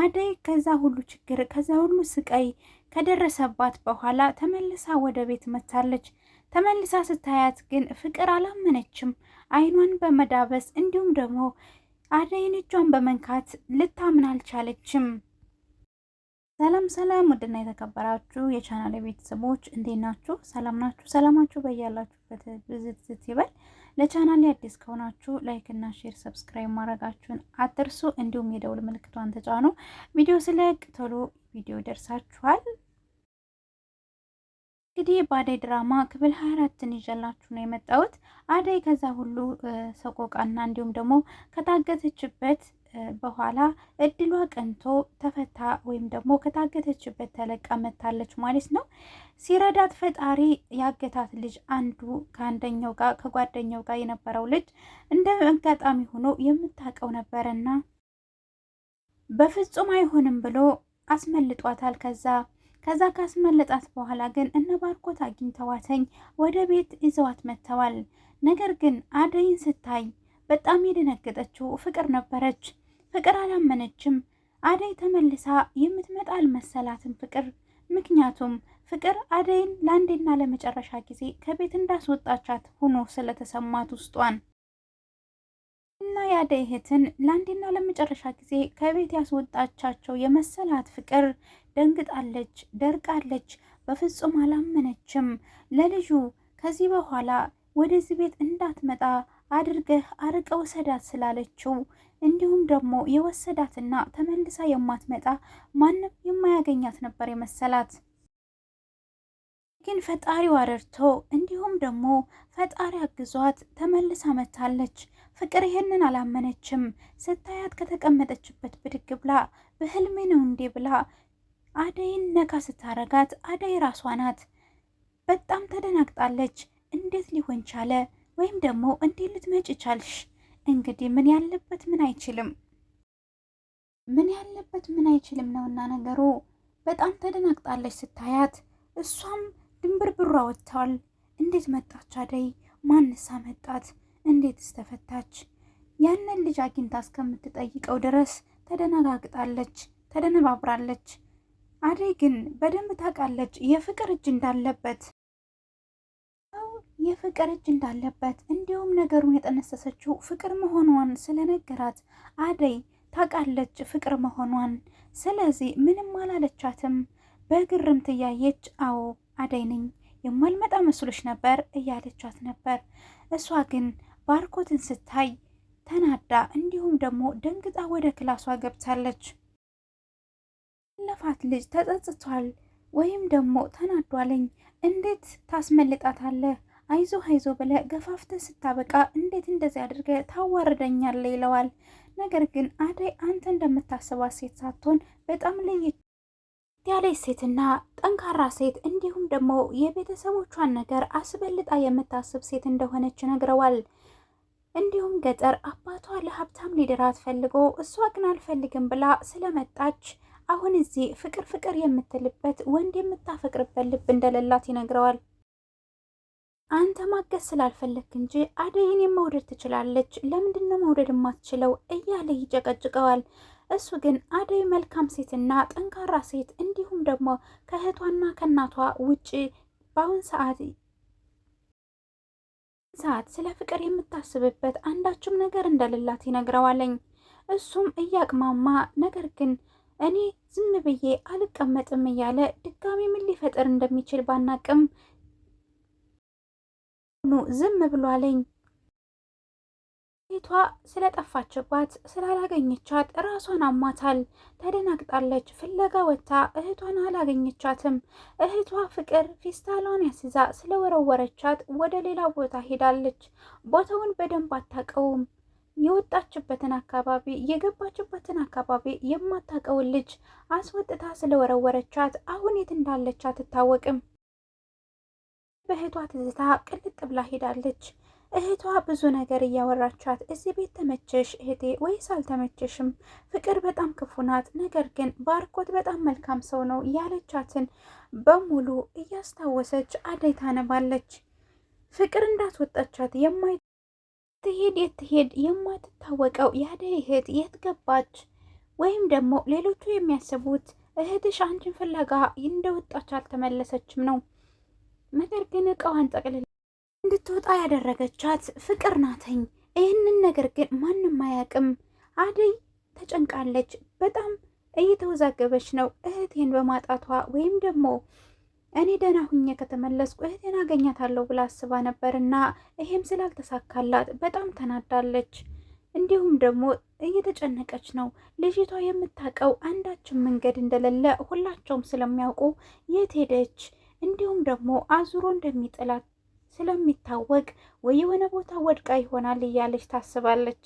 አደይ ከዛ ሁሉ ችግር ከዛ ሁሉ ስቃይ ከደረሰባት በኋላ ተመልሳ ወደ ቤት መታለች። ተመልሳ ስታያት ግን ፍቅር አላመነችም። አይኗን በመዳበስ እንዲሁም ደግሞ አደይን እጇን በመንካት ልታምን አልቻለችም። ሰላም ሰላም፣ ውድና የተከበራችሁ የቻናል ቤተሰቦች እንዴት ናችሁ? ሰላም ናችሁ? ሰላማችሁ በያላችሁበት ብዝት ይበል። ለቻናል አዲስ ከሆናችሁ ላይክ እና ሼር፣ ሰብስክራይብ ማድረጋችሁን አትርሱ። እንዲሁም የደውል ምልክቷን ተጫኑ። ቪዲዮ ስለቅ ቶሎ ቪዲዮ ደርሳችኋል። እንግዲህ በአደይ ድራማ ክፍል ሀያ አራትን ይዤላችሁ ነው የመጣሁት። አደይ ከዛ ሁሉ ሰቆቃና እንዲሁም ደግሞ ከታገተችበት በኋላ እድሏ ቀንቶ ተፈታ ወይም ደግሞ ከታገተችበት ተለቃ መታለች ማለት ነው። ሲረዳት ፈጣሪ ያገታት ልጅ አንዱ ከአንደኛው ጋር ከጓደኛው ጋር የነበረው ልጅ እንደ አጋጣሚ ሆኖ የምታውቀው ነበረና በፍጹም አይሆንም ብሎ አስመልጧታል። ከዛ ከዛ ካስመለጣት በኋላ ግን እነ ባርኮት አግኝተዋተኝ ወደ ቤት ይዘዋት መጥተዋል። ነገር ግን አደይን ስታይ በጣም የደነገጠችው ፍቅር ነበረች። ፍቅር አላመነችም። አደይ ተመልሳ የምትመጣ አልመሰላትም ፍቅር ምክንያቱም ፍቅር አደይን ለአንዴና ለመጨረሻ ጊዜ ከቤት እንዳስወጣቻት ሆኖ ስለተሰማት ውስጧን እና የአደይ እህትን ለአንዴና ለመጨረሻ ጊዜ ከቤት ያስወጣቻቸው የመሰላት ፍቅር ደንግጣለች፣ ደርቃለች። በፍጹም አላመነችም። ለልጁ ከዚህ በኋላ ወደዚህ ቤት እንዳትመጣ አድርገህ አርቀ ውሰዳት ስላለችው እንዲሁም ደግሞ የወሰዳትና ተመልሳ የማትመጣ ማንም የማያገኛት ነበር የመሰላት። ግን ፈጣሪው አረድቶ እንዲሁም ደግሞ ፈጣሪ አግዟት ተመልሳ መታለች። ፍቅር ይህንን አላመነችም። ስታያት ከተቀመጠችበት ብድግ ብላ በህልሜ ነው እንዴ ብላ አደይን ነካ ስታረጋት አደይ ራሷ ናት። በጣም ተደናግጣለች። እንዴት ሊሆን ቻለ? ወይም ደግሞ እንዴ ልትመጭ ቻልሽ? እንግዲህ ምን ያለበት ምን አይችልም ምን ያለበት ምን አይችልም ነውና ነገሩ። በጣም ተደናግጣለች ስታያት። እሷም ድንብርብሯ ወጥተዋል። እንዴት መጣች አደይ? ማንሳ መጣት? እንዴትስ ተፈታች? ያንን ልጅ አግኝታ እስከምትጠይቀው ድረስ ተደነጋግጣለች፣ ተደነባብራለች። አደይ ግን በደንብ ታውቃለች የፍቅር እጅ እንዳለበት። የፍቅር እጅ እንዳለበት እንዲሁም ነገሩን የጠነሰሰችው ፍቅር መሆኗን ስለነገራት አደይ ታውቃለች ፍቅር መሆኗን። ስለዚህ ምንም አላለቻትም። በግርም ትያየች አዎ አደይ ነኝ የማልመጣ መስሎች ነበር እያለቻት ነበር። እሷ ግን ባርኮትን ስታይ ተናዳ እንዲሁም ደግሞ ደንግጣ ወደ ክላሷ ገብታለች። ለፋት ልጅ ተጸጽቷል ወይም ደግሞ ተናዷለኝ። እንዴት ታስመልጣታለህ? አይዞ አይዞ ብለ ገፋፍተ ስታበቃ እንዴት እንደዚህ አድርገ ታዋርደኛለ ይለዋል። ነገር ግን አደይ አንተ እንደምታስባት ሴት ሳትሆን በጣም ለየት ያለች ሴትና ጠንካራ ሴት እንዲሁም ደግሞ የቤተሰቦቿን ነገር አስበልጣ የምታስብ ሴት እንደሆነች ነግረዋል። እንዲሁም ገጠር አባቷ ለሀብታም ሊደራት ፈልጎ እሷ ግን አልፈልግም ብላ ስለመጣች አሁን እዚህ ፍቅር ፍቅር የምትልበት ወንድ የምታፈቅርበት ልብ እንደሌላት ይነግረዋል። አንተ ማገዝ ስላልፈለክ እንጂ አደይን መውደድ ትችላለች፣ ለምንድን ነው መውደድ የማትችለው እያለ ይጨቀጭቀዋል። እሱ ግን አደይ መልካም ሴትና ጠንካራ ሴት እንዲሁም ደግሞ ከእህቷና ከእናቷ ውጪ በአሁን ሰዓት ሰዓት ስለ ፍቅር የምታስብበት አንዳችም ነገር እንደሌላት ይነግረዋለኝ። እሱም እያቅማማ ነገር ግን እኔ ዝም ብዬ አልቀመጥም እያለ ድጋሚ ምን ሊፈጠር እንደሚችል ባናቅም ኑ ዝም ብሏለኝ። ሴቷ ስለጠፋችባት ስላላገኘቻት ራሷን አሟታል። ተደናግጣለች። ፍለጋ ወጥታ እህቷን አላገኘቻትም። እህቷ ፍቅር ፌስታሏን ያስይዛ ስለወረወረቻት ወደ ሌላ ቦታ ሄዳለች። ቦታውን በደንብ አታውቀውም። የወጣችበትን አካባቢ የገባችበትን አካባቢ የማታውቀውን ልጅ አስወጥታ ስለወረወረቻት አሁን የት እንዳለች አትታወቅም። በእህቷ ትዝታ ቅልጥ ብላ ሄዳለች። እህቷ ብዙ ነገር እያወራቻት እዚህ ቤት ተመቸሽ እህቴ ወይስ አልተመቸሽም? ፍቅር በጣም ክፉ ናት፣ ነገር ግን ባርኮት በጣም መልካም ሰው ነው ያለቻትን በሙሉ እያስታወሰች አደይ ታነባለች። ፍቅር እንዳትወጣቻት የማትሄድ የትሄድ የማትታወቀው የአደይ እህት የት ገባች? ወይም ደግሞ ሌሎቹ የሚያስቡት እህትሽ አንቺን ፍለጋ እንደወጣች አልተመለሰችም ነው ነገር ግን እቃዋን ጠቅልል እንድትወጣ ያደረገቻት ፍቅር ናተኝ። ይህንን ነገር ግን ማንም አያውቅም። አደይ ተጨንቃለች፣ በጣም እየተወዛገበች ነው። እህቴን በማጣቷ ወይም ደግሞ እኔ ደህና ሁኜ ከተመለስኩ እህቴን አገኛታለሁ ብላ አስባ ነበርና ይሄም ስላልተሳካላት በጣም ተናዳለች። እንዲሁም ደግሞ እየተጨነቀች ነው። ልጅቷ የምታውቀው አንዳችም መንገድ እንደሌለ ሁላቸውም ስለሚያውቁ የት ሄደች እንዲሁም ደግሞ አዙሮ እንደሚጥላት ስለሚታወቅ ወይ የሆነ ቦታ ወድቃ ይሆናል እያለች ታስባለች።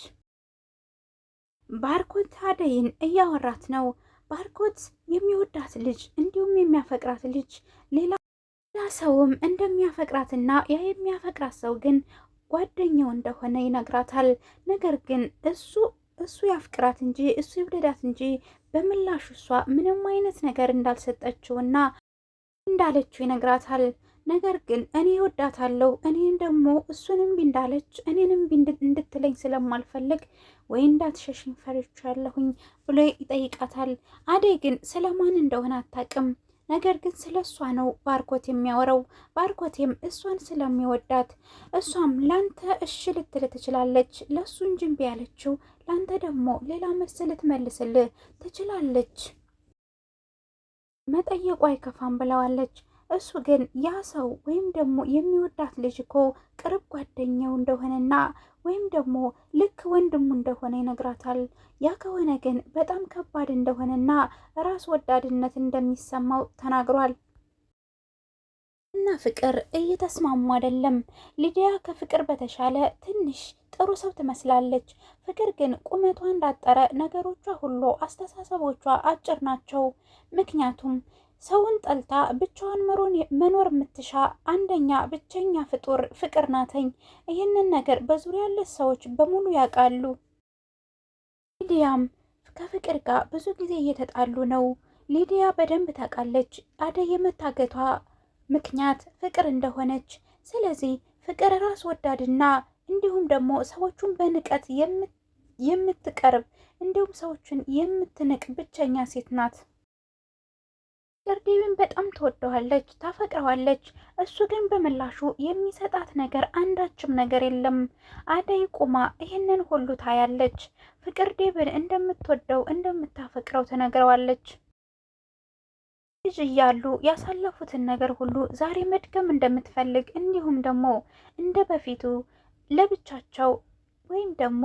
ባርኮት አደይን እያወራት ነው። ባርኮት የሚወዳት ልጅ እንዲሁም የሚያፈቅራት ልጅ ሌላ ሰውም እንደሚያፈቅራትና ያ የሚያፈቅራት ሰው ግን ጓደኛው እንደሆነ ይነግራታል። ነገር ግን እሱ እሱ ያፍቅራት እንጂ እሱ ይውደዳት እንጂ በምላሹ እሷ ምንም አይነት ነገር እንዳልሰጠችውና እንዳለችው ይነግራታል። ነገር ግን እኔ ወዳታለሁ እኔን ደግሞ እሱንም እንዳለች እኔንም እንድትለኝ ስለማልፈልግ ወይ እንዳትሸሽኝ ፈርቻለሁኝ ብሎ ይጠይቃታል። አደይ ግን ስለማን እንደሆነ አታውቅም። ነገር ግን ስለ እሷ ነው ባርኮት የሚያወራው። ባርኮቴም እሷን ስለሚወዳት እሷም ላንተ እሺ ልትል ትችላለች፣ ለእሱ እንጂ እምቢ ያለችው ላንተ ደግሞ ሌላ መስል ልትመልስልህ ትችላለች መጠየቁ አይከፋም ብለዋለች። እሱ ግን ያ ሰው ወይም ደግሞ የሚወዳት ልጅ እኮ ቅርብ ጓደኛው እንደሆነና ወይም ደግሞ ልክ ወንድሙ እንደሆነ ይነግራታል። ያ ከሆነ ግን በጣም ከባድ እንደሆነና ራስ ወዳድነት እንደሚሰማው ተናግሯል። እና ፍቅር እየተስማሙ አይደለም። ሊዲያ ከፍቅር በተሻለ ትንሽ ጥሩ ሰው ትመስላለች። ፍቅር ግን ቁመቷ እንዳጠረ ነገሮቿ ሁሉ አስተሳሰቦቿ አጭር ናቸው። ምክንያቱም ሰውን ጠልታ ብቻዋን መኖር የምትሻ አንደኛ ብቸኛ ፍጡር ፍቅር ናተኝ። ይህንን ነገር በዙሪያ ያሉት ሰዎች በሙሉ ያውቃሉ። ሊዲያም ከፍቅር ጋር ብዙ ጊዜ እየተጣሉ ነው። ሊዲያ በደንብ ታውቃለች አደይ የመታገቷ ምክንያት ፍቅር እንደሆነች። ስለዚህ ፍቅር ራስ ወዳድና እንዲሁም ደግሞ ሰዎቹን በንቀት የምትቀርብ እንዲሁም ሰዎችን የምትንቅ ብቸኛ ሴት ናት። ፍቅር ዴቪን በጣም ትወደዋለች፣ ታፈቅረዋለች። እሱ ግን በምላሹ የሚሰጣት ነገር አንዳችም ነገር የለም። አደይ ቁማ ይህንን ሁሉ ታያለች። ፍቅር ዴቪን እንደምትወደው እንደምታፈቅረው ትነግረዋለች። ልጅ እያሉ ያሳለፉትን ነገር ሁሉ ዛሬ መድገም እንደምትፈልግ እንዲሁም ደግሞ እንደ በፊቱ ለብቻቸው ወይም ደግሞ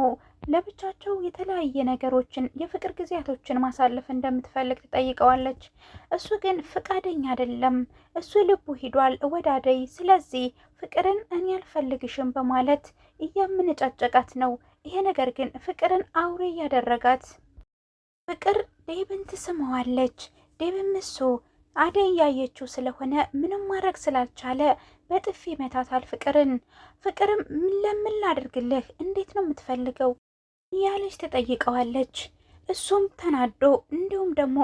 ለብቻቸው የተለያየ ነገሮችን የፍቅር ጊዜያቶችን ማሳለፍ እንደምትፈልግ ትጠይቀዋለች። እሱ ግን ፍቃደኛ አይደለም። እሱ ልቡ ሂዷል ወደ አደይ። ስለዚህ ፍቅርን እኔ አልፈልግሽም በማለት እያምንጨጨቃት ነው። ይሄ ነገር ግን ፍቅርን አውሬ እያደረጋት ፍቅር ዴብን ትስመዋለች። ዴብም እሱ አደይ ያየችው ስለሆነ ምንም ማድረግ ስላልቻለ በጥፊ መታታል ፍቅርን። ፍቅርም ለምን ላድርግልህ፣ እንዴት ነው የምትፈልገው እያለች ትጠይቀዋለች። እሱም ተናዶ እንዲሁም ደግሞ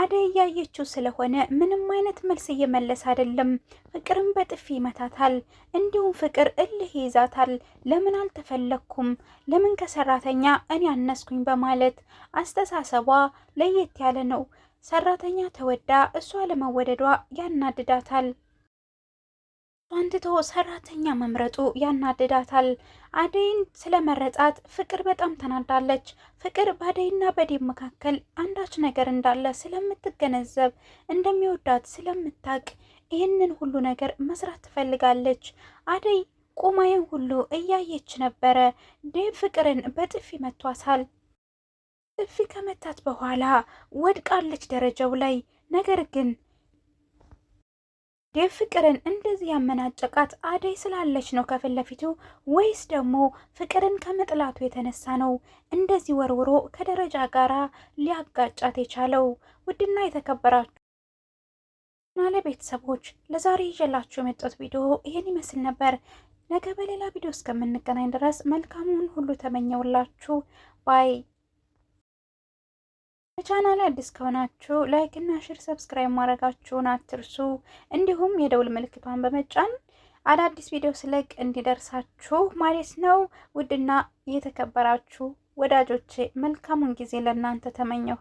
አደይ እያየችው ስለሆነ ምንም አይነት መልስ እየመለስ አይደለም። ፍቅርም በጥፊ ይመታታል። እንዲሁም ፍቅር እልህ ይይዛታል። ለምን አልተፈለግኩም? ለምን ከሰራተኛ እኔ አነስኩኝ? በማለት አስተሳሰቧ ለየት ያለ ነው። ሰራተኛ ተወዳ እሷ ለመወደዷ ያናድዳታል። አንድቶ ሰራተኛ መምረጡ ያናድዳታል። አደይን ስለመረጣት ፍቅር በጣም ተናዳለች። ፍቅር በአደይና በዴብ መካከል አንዳች ነገር እንዳለ ስለምትገነዘብ እንደሚወዳት ስለምታቅ ይህንን ሁሉ ነገር መስራት ትፈልጋለች። አደይ ቁማዬን ሁሉ እያየች ነበረ። ዴብ ፍቅርን በጥፊ መቷታል። እፊ ከመታት በኋላ ወድቃለች ደረጃው ላይ። ነገር ግን ዴቭ ፍቅርን እንደዚህ ያመናጨቃት አደይ ስላለች ነው ከፊት ለፊቱ፣ ወይስ ደግሞ ፍቅርን ከመጥላቱ የተነሳ ነው እንደዚህ ወርውሮ ከደረጃ ጋር ሊያጋጫት የቻለው? ውድና የተከበራችሁ ናለ ቤተሰቦች ለዛሬ ይዤላችሁ የመጣሁት ቪዲዮ ይህን ይመስል ነበር። ነገ በሌላ ቪዲዮ እስከምንገናኝ ድረስ መልካሙን ሁሉ ተመኘውላችሁ ባይ ለቻናል አዲስ ከሆናችሁ ላይክ እና ሼር ሰብስክራይብ ማድረጋችሁን አትርሱ። እንዲሁም የደውል ምልክቷን በመጫን አዳዲስ ቪዲዮ ስለቅ እንዲደርሳችሁ ማለት ነው። ውድና የተከበራችሁ ወዳጆቼ መልካሙን ጊዜ ለእናንተ ተመኘሁ።